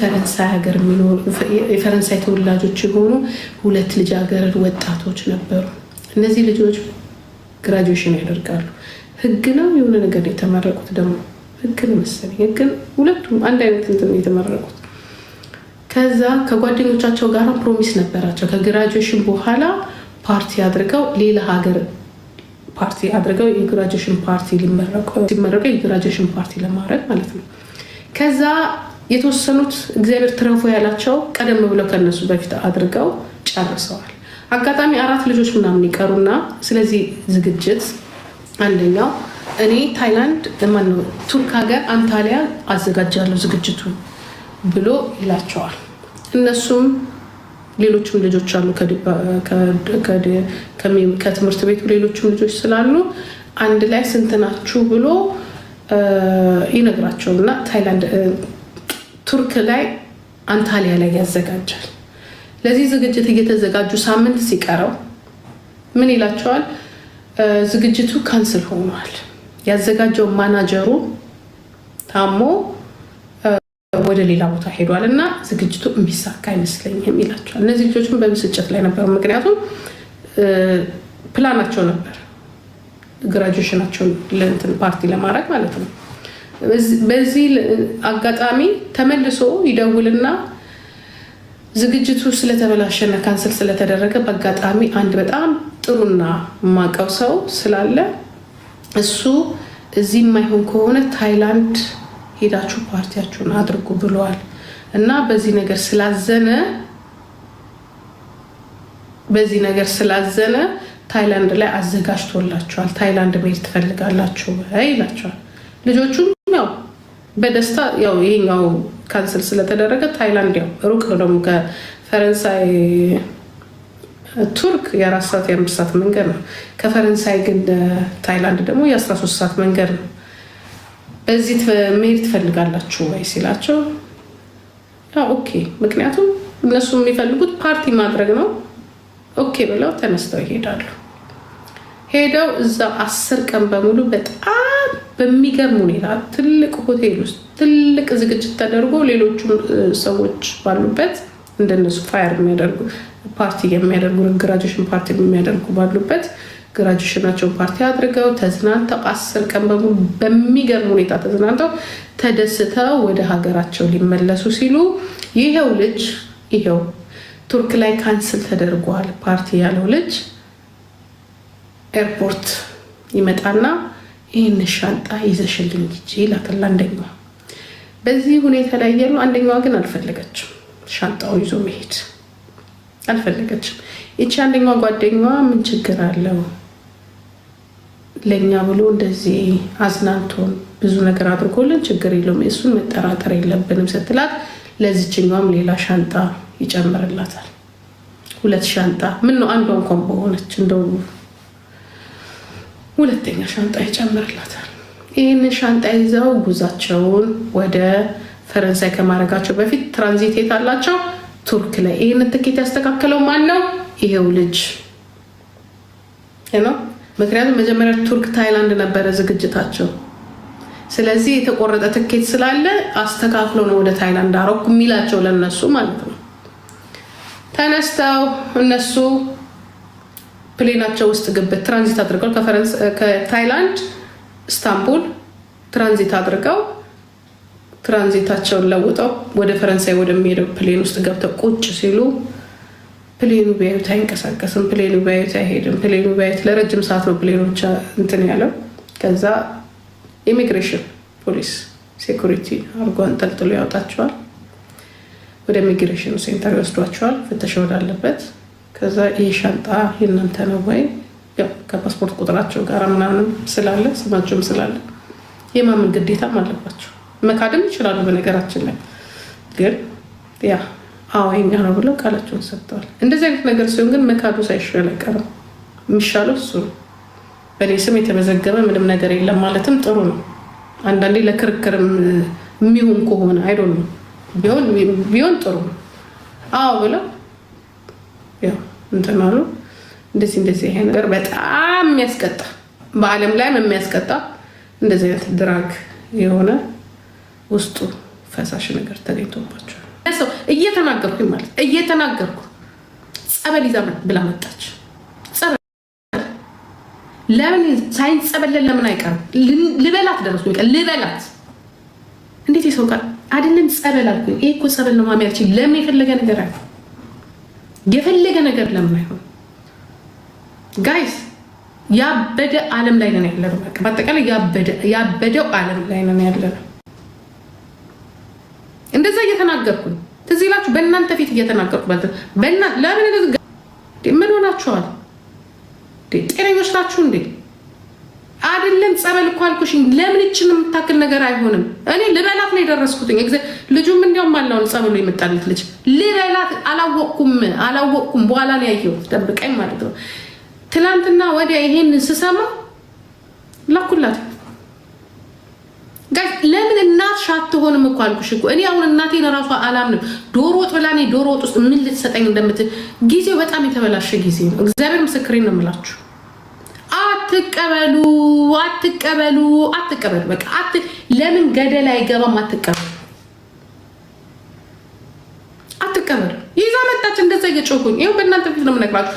ፈረንሳይ ሀገር የሚኖሩ የፈረንሳይ ተወላጆች የሆኑ ሁለት ልጃገረድ ወጣቶች ነበሩ። እነዚህ ልጆች ግራጁዌሽን ያደርጋሉ። ህግ ነው የሆነ ነገር ነው የተመረቁት ደግሞ ህግ ነው መሰለኝ። ህግን ሁለቱም አንድ አይነት እንትን የተመረቁት። ከዛ ከጓደኞቻቸው ጋር ፕሮሚስ ነበራቸው ከግራጁዌሽን በኋላ ፓርቲ አድርገው ሌላ ሀገር ፓርቲ አድርገው የግራጁዌሽን ፓርቲ ሲመረቀው የግራጁዌሽን ፓርቲ ለማድረግ ማለት ነው ከዛ የተወሰኑት እግዚአብሔር ትረፉ ያላቸው ቀደም ብለው ከነሱ በፊት አድርገው ጨርሰዋል። አጋጣሚ አራት ልጆች ምናምን ይቀሩና ስለዚህ ዝግጅት አንደኛው እኔ ታይላንድ ማነው ቱርክ ሀገር አንታሊያ አዘጋጃለሁ ዝግጅቱ ብሎ ይላቸዋል። እነሱም ሌሎችም ልጆች አሉ ከትምህርት ቤቱ ሌሎችም ልጆች ስላሉ አንድ ላይ ስንት ናችሁ ብሎ ይነግራቸውና ታይላንድ ቱርክ ላይ አንታሊያ ላይ ያዘጋጃል። ለዚህ ዝግጅት እየተዘጋጁ ሳምንት ሲቀረው ምን ይላቸዋል? ዝግጅቱ ካንስል ሆኗል። ያዘጋጀው ማናጀሩ ታሞ ወደ ሌላ ቦታ ሄዷል እና ዝግጅቱ የሚሳካ አይመስለኝም ይላቸዋል። እነዚህ ልጆችም በብስጭት ላይ ነበሩ። ምክንያቱም ፕላናቸው ነበር ግራጁዌሽናቸውን ፓርቲ ለማድረግ ማለት ነው በዚህ አጋጣሚ ተመልሶ ይደውልና ዝግጅቱ ስለተበላሸነ ካንስል ስለተደረገ በአጋጣሚ አንድ በጣም ጥሩና ማቀው ሰው ስላለ እሱ እዚህ የማይሆን ከሆነ ታይላንድ ሄዳችሁ ፓርቲያችሁን አድርጉ ብለዋል እና በዚህ ነገር ስላዘነ በዚህ ነገር ስላዘነ ታይላንድ ላይ አዘጋጅቶላችኋል። ታይላንድ መሄድ ትፈልጋላችሁ ይላቸዋል ልጆቹም በደስታ ያው ይሄኛው ካንስል ስለተደረገ ታይላንድ ያው ሩቅ ነው። ከፈረንሳይ ቱርክ የአራት ሰዓት የአምስት ሰዓት መንገድ ነው። ከፈረንሳይ ግን ታይላንድ ደግሞ የአስራ ሶስት ሰዓት መንገድ ነው። በዚህ መሄድ ትፈልጋላችሁ ወይ ሲላቸው ኦኬ፣ ምክንያቱም እነሱ የሚፈልጉት ፓርቲ ማድረግ ነው። ኦኬ ብለው ተነስተው ይሄዳሉ። ሄደው እዛ አስር ቀን በሙሉ በጣም በሚገርም ሁኔታ ትልቅ ሆቴል ውስጥ ትልቅ ዝግጅት ተደርጎ ሌሎቹ ሰዎች ባሉበት እንደነሱ ፋየር የሚያደርጉ ፓርቲ የሚያደርጉ ግራጁዌሽን ፓርቲ የሚያደርጉ ባሉበት ግራጁዌሽናቸውን ፓርቲ አድርገው ተዝናንተው አስር ቀን በሙሉ በሚገርም ሁኔታ ተዝናንተው ተደስተው ወደ ሀገራቸው ሊመለሱ ሲሉ ይሄው ልጅ ይሄው ቱርክ ላይ ካንስል ተደርጓል ፓርቲ ያለው ልጅ ኤርፖርት ይመጣና ይህን ሻንጣ ይዘሽልኝ ሂጂ ይላታል አንደኛዋ። በዚህ ሁኔታ ላይ እያሉ አንደኛዋ ግን አልፈለገችም፣ ሻንጣው ይዞ መሄድ አልፈለገችም። ይቺ አንደኛዋ ጓደኛዋ ምን ችግር አለው ለእኛ ብሎ እንደዚህ አዝናንቶን ብዙ ነገር አድርጎልን ችግር የለውም እሱን መጠራጠር የለብንም ስትላት፣ ለዚችኛዋም ሌላ ሻንጣ ይጨምርላታል። ሁለት ሻንጣ ምን ነው አንዷ እንኳን በሆነች እንደው ሁለተኛ ሻንጣ ይጨምርላታል። ይህንን ሻንጣ ይዘው ጉዟቸውን ወደ ፈረንሳይ ከማድረጋቸው በፊት ትራንዚት የት አላቸው? ቱርክ ላይ። ይህንን ትኬት ያስተካከለው ማን ነው? ይሄው ልጅ ነው። ምክንያቱም መጀመሪያ ቱርክ፣ ታይላንድ ነበረ ዝግጅታቸው። ስለዚህ የተቆረጠ ትኬት ስላለ አስተካክሎ ነው ወደ ታይላንድ አረኩ የሚላቸው ለነሱ ማለት ነው። ተነስተው እነሱ ፕሌናቸው ውስጥ ግብት ትራንዚት አድርገው ከታይላንድ እስታንቡል ትራንዚት አድርገው ትራንዚታቸውን ለውጠው ወደ ፈረንሳይ ወደሚሄደው ፕሌን ውስጥ ገብተው ቁጭ ሲሉ ፕሌኑ ቢያዩት አይንቀሳቀስም፣ ፕሌኑ ቢያዩት አይሄድም፣ ፕሌኑ ቢያዩት ለረጅም ሰዓት ነው ፕሌኖች እንትን ያለው። ከዛ ኢሚግሬሽን ፖሊስ ሴኩሪቲ አርጎ አንጠልጥሎ ያወጣቸዋል። ወደ ኢሚግሬሽን ሴንተር ይወስዷቸዋል፣ ፍተሻ ወዳለበት ከዛ ይህ ሻንጣ የእናንተ ነው ወይ ከፓስፖርት ቁጥራቸው ጋር ምናምንም ስላለ ስማቸውም ስላለ የማመን ግዴታም አለባቸው። መካደም ይችላሉ። በነገራችን ላይ ግን ያ አዎ የኛ ነው ብለው ቃላቸውን ሰጥተዋል። እንደዚህ አይነት ነገር ሲሆን ግን መካዱ ሳይሻል አይቀርም። የሚሻለው እሱ ነው። በእኔ ስም የተመዘገበ ምንም ነገር የለም ማለትም ጥሩ ነው። አንዳንዴ ለክርክርም የሚሆን ከሆነ አይዶን ቢሆን ጥሩ ነው። አዎ ብለው ያው እንትን አሉ እንደዚህ እንደዚህ ይሄ ነገር በጣም የሚያስቀጣ በአለም ላይ የሚያስቀጣ እንደዚህ አይነት ድራግ የሆነ ውስጡ ፈሳሽ ነገር ተገኝቶባቸዋል። ሰው እየተናገርኩ ማለት እየተናገርኩ ጸበል ይዛ ብላ መጣች። ለምን ሳይንጸበለን ለምን አይቀርም? ልበላት ደረሱ ልበላት። እንዴት የሰው ቃል አይደለም ጸበል አልኩኝ። ይሄ እኮ ጸበል ነው ማሚያችን። ለምን የፈለገ ነገር አለ የፈለገ ነገር ለማይሆን ጋይስ ያበደ ዓለም ላይ ነን ያለ ነው። በአጠቃላይ ያበደው ዓለም ላይ ነን ያለ ነው። እንደዛ እየተናገርኩኝ ትዝ ይላችሁ፣ በእናንተ ፊት እየተናገርኩ ለምን ምን ሆናችኋል? ጤነኞች ናችሁ እንዴ? አይደለም ጸበል እኮ አልኩሽኝ። ለምን ይችን የምታክል ነገር አይሆንም? እኔ ልበላት ነው የደረስኩትኝ። ልጁም እንዲያውም አለውን ጸበሉ የመጣለት ልጅ ልበላት አላ አላወቅኩም አላወቅኩም በኋላ ላይ ያየሁት፣ ጠብቀኝ ማለት ነው። ትናንትና ወዲያ ይሄን ስሰማ ላኩላት። ለምን እናትሽ አትሆንም እኮ አልኩሽ እኮ እኔ አሁን እናቴን እራሷ አላምንም። ዶሮ ወጥ ብላ እኔ ዶሮ ወጥ ውስጥ ምን ልትሰጠኝ እንደምትል ጊዜው በጣም የተበላሸ ጊዜ ነው። እግዚአብሔር ምስክሬን ነው የምላችሁ። አትቀበሉ፣ አትቀበሉ፣ አትቀበሉ። በቃ ለምን ገደል አይገባም? አትቀበሉ አትቀበሉ። ይዛ መጣች። እንደዛ እየጮኩኝ ይኸው በእናንተ ፊት ነው የምነግራችሁ።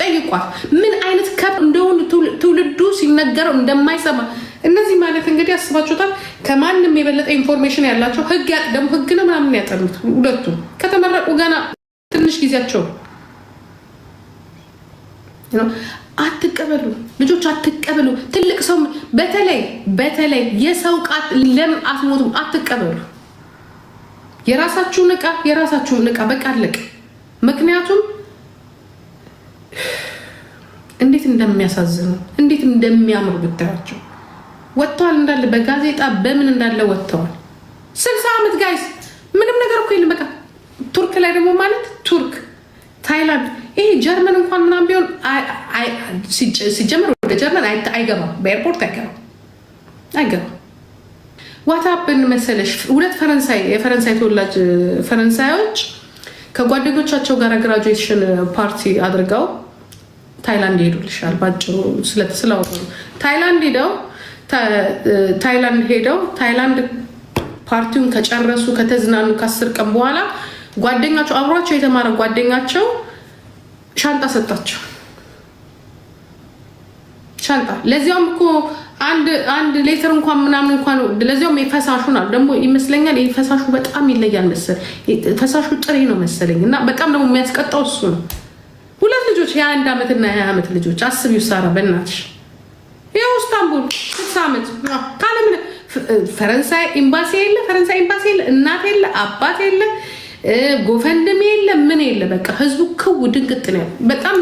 ጠይቋት ምን አይነት ከብ እንደሆኑ ትውልዱ ሲነገረው እንደማይሰማ እነዚህ ማለት እንግዲህ አስባችሁታል። ከማንም የበለጠ ኢንፎርሜሽን ያላቸው ህግ ደግሞ ህግ ነው ምናምን ያጠኑት ሁለቱ ከተመረቁ ገና ትንሽ ጊዜያቸው አትቀበሉ ልጆች አትቀበሉ። ትልቅ ሰው በተለይ በተለይ የሰው ቃት ለምን አትሞቱም? አትቀበሉ። የራሳችሁን እቃ የራሳችሁን እቃ በቃ አለቅ። ምክንያቱም እንዴት እንደሚያሳዝኑ እንዴት እንደሚያምሩ ብታያቸው ወጥተዋል፣ እንዳለ በጋዜጣ በምን እንዳለ ወጥተዋል። ስልሳ ዓመት ጋይስ ምንም ነገር እኮ የለም። በቃ ቱርክ ላይ ደግሞ ማለት ቱርክ፣ ታይላንድ፣ ይሄ ጀርመን እንኳን ምናምን ቢሆን ሲጀመር ወደ ጀርመን አይገባም፣ በኤርፖርት አይገባም አይገባም። ዋታብን መሰለሽ ሁለት ፈረንሳይ የፈረንሳይ ተወላጅ ፈረንሳዮች ከጓደኞቻቸው ጋር ግራጁዌሽን ፓርቲ አድርገው ታይላንድ ይሄዱልሻል። ባጭሩ ስለተስላወሩ ታይላንድ ሄደው ታይላንድ ሄደው ታይላንድ ፓርቲውን ከጨረሱ ከተዝናኑ ከአስር ቀን በኋላ ጓደኛቸው አብሯቸው የተማረ ጓደኛቸው ሻንጣ ሰጣቸው። ሻንጣ ለዚያውም እኮ አንድ አንድ ሌተር እንኳን ምናምን እንኳን ለዚያውም የፈሳሹ ና ደግሞ ይመስለኛል የፈሳሹ በጣም ይለያል መሰል ፈሳሹ ጥሬ ነው መሰለኝ እና በጣም ደግሞ የሚያስቀጣው እሱ ነው። ሁለት ልጆች የአንድ ዓመት እና የሀያ ዓመት ልጆች አስብ ይሳራ በእናትሽ ያው እስታንቡል ስድስት ዓመት ካለምን ፈረንሳይ ኤምባሲ የለ ፈረንሳይ ኤምባሲ የለ እናት የለ አባት የለ ጎፈንድም የለ ምን የለ በቃ ህዝቡ ክው ድንቅጥ ነው። በጣም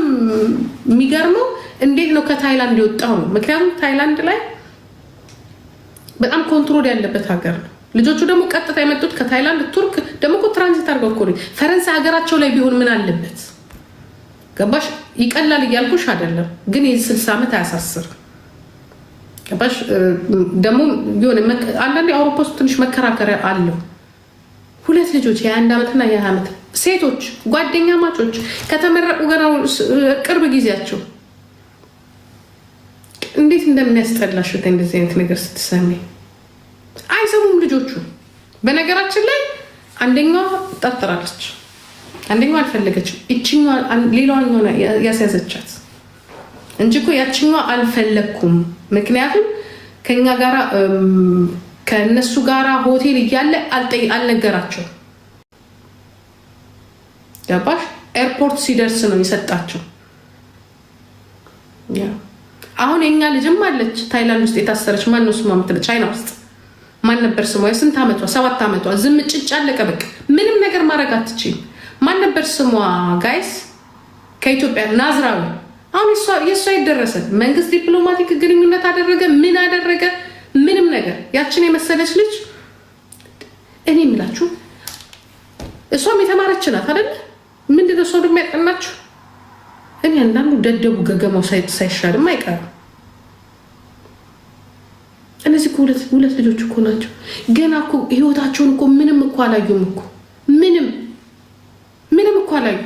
የሚገርመው እንዴት ነው ከታይላንድ የወጣው ነው። ምክንያቱም ታይላንድ ላይ በጣም ኮንትሮል ያለበት ሀገር ነው። ልጆቹ ደግሞ ቀጥታ የመጡት ከታይላንድ ቱርክ፣ ደግሞ እኮ ትራንዚት አድርገው እኮ ፈረንሳይ ሀገራቸው ላይ ቢሆን ምን አለበት? ገባሽ? ይቀላል እያልኩሽ አይደለም፣ ግን ይህ ስልሳ ዓመት አያሳስር። ገባሽ? ደግሞ ቢሆን አንዳንድ የአውሮፓ ውስጥ ትንሽ መከራከሪያ አለው። ሁለት ልጆች የአንድ ዓመትና የሀያ ዓመት ሴቶች ጓደኛ ማቾች ከተመረቁ ገና ቅርብ ጊዜያቸው እንዴት እንደሚያስጠላሽ እንደዚህ አይነት ነገር ስትሰሚ አይሰሙም ልጆቹ። በነገራችን ላይ አንደኛዋ ጠርጥራለች፣ አንደኛ አልፈለገችም። ይችኛ ሌላዋን ያስያዘቻት እንጂ እኮ ያችኛ አልፈለግኩም። ምክንያቱም ከኛ ጋራ ከእነሱ ጋር ሆቴል እያለ አልነገራቸው። ገባሽ? ኤርፖርት ሲደርስ ነው የሰጣቸው። አሁን የኛ ልጅም አለች ታይላንድ ውስጥ የታሰረች ማን ነው ስሟ ምትለ ቻይና ውስጥ ማን ነበር ስሟ? የስንት ዓመቷ? ሰባት ዓመቷ። ዝም ጭጭ አለቀ። በቃ ምንም ነገር ማድረግ አትችል ማን ነበር ስሟ? ጋይስ ከኢትዮጵያ ናዝራዊ። አሁን የእሷ ይደረሰ መንግስት ዲፕሎማቲክ ግንኙነት አደረገ፣ ምን አደረገ? ምንም ነገር ያችን የመሰለች ልጅ እኔ የምላችሁ እሷም የተማረች ናት አደለ ምንድነው ሰው ደግሞ ያጠናችሁ እኔ አንዳንዱ ደደቡ ገገማው ሳይሻልም አይቀርም። እነዚህ ሁለት ልጆች እኮ ናቸው። ገና እኮ ህይወታቸውን እኮ ምንም እኮ አላዩም እኮ ምንም ምንም እኮ አላዩ።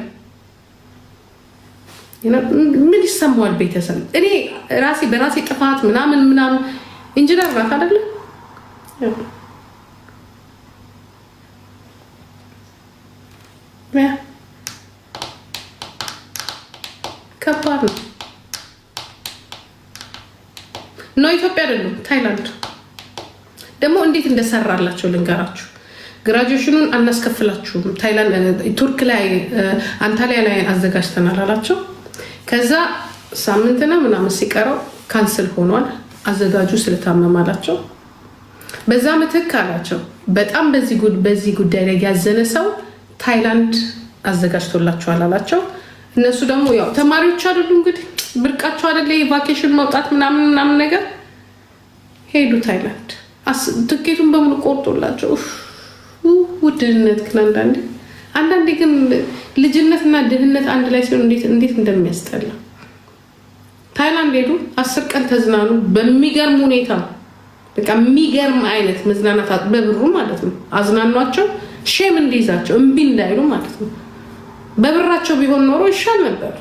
ምን ይሰማዋል ቤተሰብ? እኔ ራሴ በራሴ ጥፋት ምናምን ምናምን ኢንጂነር ራት አደለ ከባድ ነው። ኖ ኢትዮጵያ አይደሉም፣ ታይላንድ ደግሞ እንዴት እንደሰራላቸው ልንገራችሁ። ግራጁዌሽኑን አናስከፍላችሁም ቱርክ ላይ አንታሊያ ላይ አዘጋጅተናል አላቸው። ከዛ ሳምንትና ምናምን ሲቀረው ካንስል ሆኗል፣ አዘጋጁ ስለታመመ አላቸው። በዛ ምትክ አላቸው በጣም በዚህ ጉዳይ ላይ ያዘነ ሰው ታይላንድ አዘጋጅቶላችኋል አላቸው። እነሱ ደግሞ ያው ተማሪዎች አይደሉ እንግዲህ ብርቃቸው አይደለ የቫኬሽን መውጣት ምናምን ምናምን ነገር ሄዱ ታይላንድ። ትኬቱን በሙሉ ቆርጦላቸው ድህነት ግን አንዳንዴ አንዳንዴ ግን ልጅነት እና ድህነት አንድ ላይ ሲሆን እንዴት እንደሚያስጠላ ታይላንድ ሄዱ፣ አስር ቀን ተዝናኑ በሚገርም ሁኔታ በቃ የሚገርም አይነት መዝናናት በብሩ ማለት ነው። አዝናኗቸው ሼም እንዲይዛቸው እምቢ እንዳይሉ ማለት ነው። በብራቸው ቢሆን ኖሮ ይሻል ነበር።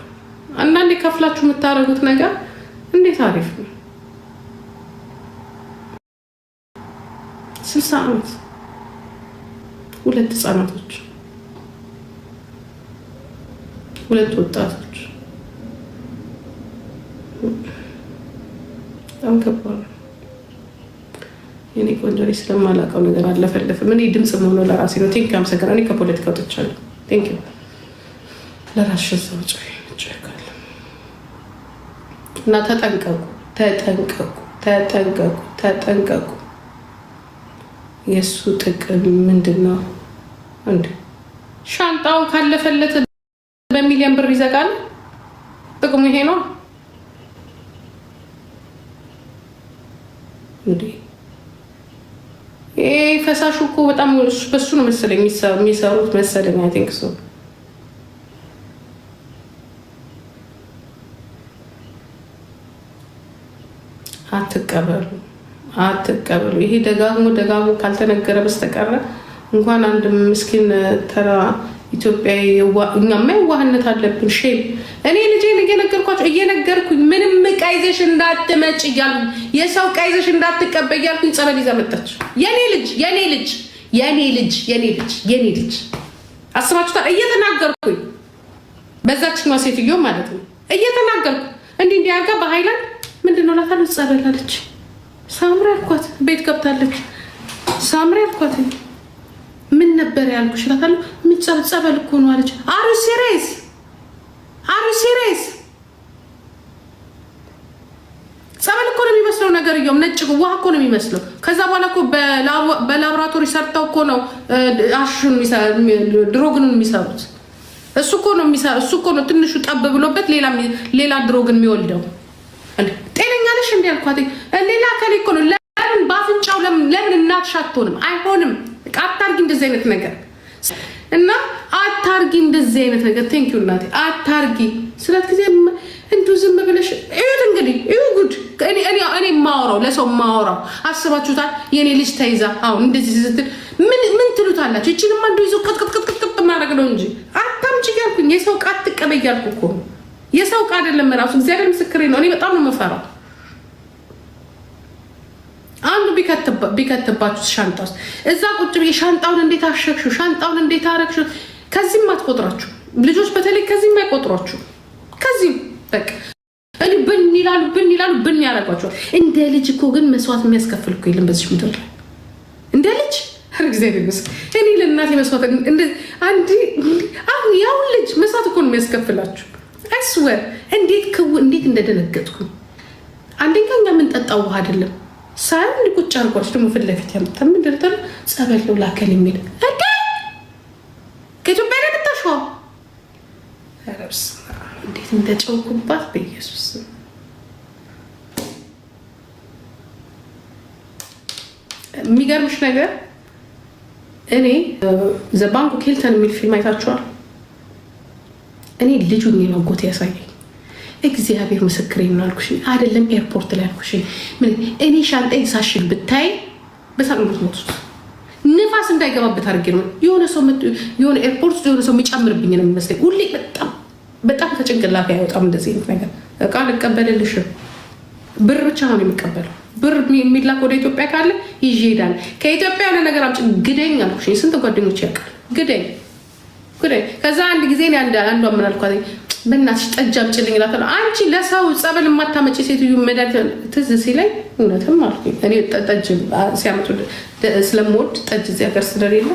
አንዳንዴ ከፍላችሁ የምታደርጉት ነገር እንዴት አሪፍ ነው። ስልሳ ዓመት ሁለት ህጻናቶች፣ ሁለት ወጣቶች በጣም ከባድ የኔ ቆንጆ ስለማላውቀው ነገር አለፈለፍም። እኔ ድምፅ መሆኑ ለራሴ ነው። ቴንክ አመሰግናለሁ። እኔ ከፖለቲካ ወጥቻለሁ። ቴንክ ለራስሽ እዛው ጭ እና ተጠንቀቁ፣ ተጠንቀቁ፣ ተጠንቀቁ፣ ተጠንቀቁ። የእሱ ጥቅም ምንድን ነው እንዴ? ሻንጣው ካለፈለት በሚሊዮን ብር ይዘጋል። ጥቅሙ ይሄ ነው እንዴ? ይሄ ፈሳሹ እኮ በጣም በሱ ነው መሰለኝ የሚሰሩት መሰለኝ አይ ቲንክ ሶ አትቀበሉ አትቀበሉ። ይሄ ደጋግሞ ደጋግሞ ካልተነገረ በስተቀረ እንኳን አንድ ምስኪን ተራ ኢትዮጵያዊ እኛማ የዋህነት አለብን። ሼም እኔ ልጄ እየነገርኳቸው እየነገርኩኝ ምንም ዕቃ እንዳትመጭ እያልኩኝ የሰው ዕቃ ይዘሽ እንዳትቀበይ እያልኩኝ ጸበል ይዛ መጣች። የኔ ልጅ የኔ ልጅ የኔ ልጅ የኔ ልጅ የኔ ልጅ አስባችሁታል? እየተናገርኩኝ በዛችኛዋ ሴትዮ ማለት ነው እየተናገርኩ እንዲህ እንዲያርጋ በሀይላንድ ጸበል አልጸበል አለች። ሳምሪ አልኳት፣ ቤት ገብታለች። ሳምሪ አልኳት፣ ምን ነበር ያልኩሽ እላታለሁ። ምን ጸበል እኮ ነው አለች። አሩ ሲሬስ አሩ ሲሬስ ጸበል እኮ ነው የሚመስለው ነገር እየውም ነጭ ውሃ እኮ ነው የሚመስለው። ከዛ በኋላ እኮ በላብራቶሪ ሰርተው እኮ ነው አሹን ድሮግኑን የሚሰሩት። እሱ እኮ ነው እሱ እኮ ነው ትንሹ ጠብ ብሎበት ሌላ ድሮግን የሚወልደው። ጤነኛ ነሽ እንዲ ያልኳት ሌላ ከሌ እኮ ነው። ለምን በአፍንጫው ለምን እናትሽ አትሆንም? አይሆንም። አታርጊ እንደዚህ አይነት ነገር እና አታርጊ እንደዚህ አይነት ነገር። ቴንክ ዩ እናቴ አታርጊ ስለት ጊዜ እንዱ ዝም ብለሽ እዩት። እንግዲህ እዩ ጉድ እኔ ማወራው ለሰው ማወራው አስባችሁታል። የእኔ ልጅ ተይዛ አሁን እንደዚህ ስትል ምን ትሉታላችሁ? ይችንማ አንዱ ይዞ ቅጥቅጥቅጥቅጥ ማድረግ ነው እንጂ አታምጭ እያልኩኝ የሰው ቃት ትቀበይ እያልኩ እኮ ነው የሰው ዕቃ አይደለም ራሱ እግዚአብሔር ምስክሬ ነው። እኔ በጣም ነው የምፈራው። አንዱ ቢከትባችሁ ሻንጣ ውስጥ እዛ ቁጭ ብዬ ሻንጣውን እንዴት አሸግሹ፣ ሻንጣውን እንዴት አረግሹ፣ ከዚህም አትቆጥራችሁ ልጆች፣ በተለይ ከዚህም አይቆጥሯችሁ። ከዚህም በቃ እ ብን ይላሉ፣ ብን ይላሉ፣ ብን ያረጓቸዋል። እንደ ልጅ እኮ ግን መስዋዕት የሚያስከፍል እኮ የለም በዚች ምድር ላይ እንደ ልጅ እግዚአብሔር ይመስገን። እኔ ለእናቴ መስዋዕት አንድ አሁን ያሁን ልጅ መስዋዕት እኮ ነው የሚያስከፍላችሁ አስወር እንዴት ክው እንዴት እንደደነገጥኩ አንደኛ እኛ የምንጠጣው ውሃ አይደለም ሳይሆን እንዲቁጭ አርጓች ደግሞ ፊት ለፊት ያመጣ ምንድርጠ ጸበል ነው ላከል የሚል ከኢትዮጵያ ላይ ምታሸ ረብስ እንዴት እንደጨውኩባት በኢየሱስ የሚገርምሽ ነገር እኔ ዘባንኩ ኬልተን የሚል ፊልም አይታችኋል እኔ ልጁን የመጎት ያሳየኝ እግዚአብሔር ምስክሬ ነው አልኩሽኝ። አይደለም ኤርፖርት ላይ አልኩሽኝ። እኔ ሻንጣ ሳሽል ብታይ በሳቅ ነው ንፋስ እንዳይገባበት አድርጌ ነው። የሆነ ሰው የሆነ ኤርፖርት የሆነ ሰው የሚጨምርብኝ ነው የሚመስለኝ። ሁሌ በጣም በጣም ከጭንቅላት አይወጣም እንደዚህ አይነት ነገር። እቃ ልቀበልልሽ ብር ብቻ ነው የሚቀበለው። ብር የሚላክ ወደ ኢትዮጵያ ካለ ይዤ እሄዳለሁ። ከኢትዮጵያ የሆነ ነገር አምጪ ግደኝ አልኩሽኝ። ስንት ጓደኞች ያውቃል ግደኝ ኩሬ ከዛ አንድ ጊዜ አንዷ ምን አልኳት፣ በእናትሽ ጠጅ አምጪልኝ ነው። አንቺ ለሰው ጸበል የማታመጪ ሴትዮ መድኃኒት ትዝ ሲለኝ እውነትም አልኩኝ። እኔ ጠጅ ሲያመጡ ስለምወድ ጠጅ እዚህ ሀገር ስለሌለ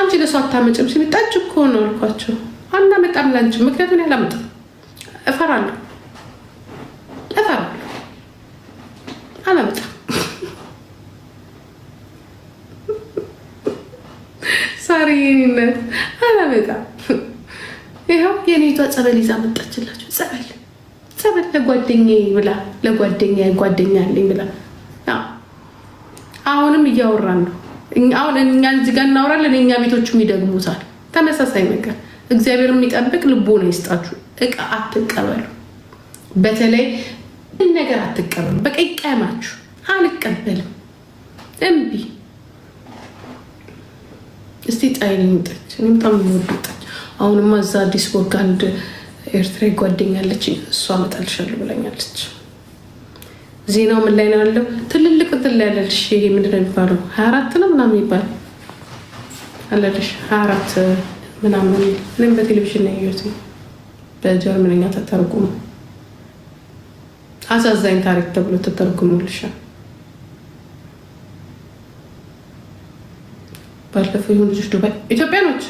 አንቺ ለሰው አታመጭም ሲል ጠጅ እኮ ነው አልኳቸው። አናመጣም ላንቺ፣ ምክንያቱም ያላመጣም እፈራለሁ፣ እፈራለሁ፣ አላመጣም ፈጣሪነት አላመጣም። ይኸው የኔቷ ጸበል ይዛ መጣችላችሁ። ጸበል ጸበል ለጓደኛ ብላ ለጓደኛ ጓደኛ አለኝ ብላ አሁንም እያወራን ነው። አሁን እኛ እዚህ ጋር እናወራለን፣ እኛ ቤቶችም ይደግሙታል። ተመሳሳይ ነገር እግዚአብሔር የሚጠብቅ ልቦና ይስጣችሁ። እቃ አትቀበሉ፣ በተለይ ነገር አትቀበሉ። በቃ ይቀማችሁ። አልቀበልም እምቢ እስቲ ጣይን ጠጅ። እኔ በጣም የምወደው ጠጅ። አሁንማ እዛ አዲስ ቦርግ አንድ ኤርትራዊ ጓደኛ አለች፣ እሷ አመጣልሻለሁ ብላኛለች። ዜናው ምን ላይ ነው ያለው? ትልልቅ እንትን ላይ አለልሽ። ይሄ ምንድን ነው የሚባለው? ሀያ አራት ነው ምናምን የሚባል አለልሽ። ሀያ አራት ምናምን እኔም በቴሌቪዥን ነው ያየሁት። በጀርመንኛ ተተርጉሙ አሳዛኝ ታሪክ ተብሎ ተተርጉሙልሻል። ባለፈው የሆኑ ልጆች ዱባይ ኢትዮጵያኖች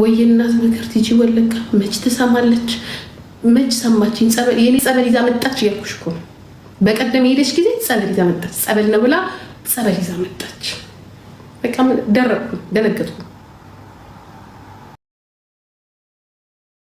ወይ የእናት ነገር ቲጂ ወለጋ መች ትሰማለች? መች ሰማችኝ? ጸበል የኔ ጸበል ይዛ መጣች እያልኩሽ እኮ ነው። በቀደም የሄደች ጊዜ ጸበል ይዛ መጣች። ጸበል ነው ብላ ጸበል ይዛ መጣች። በቃ ደረኩ፣ ደነገጥኩ።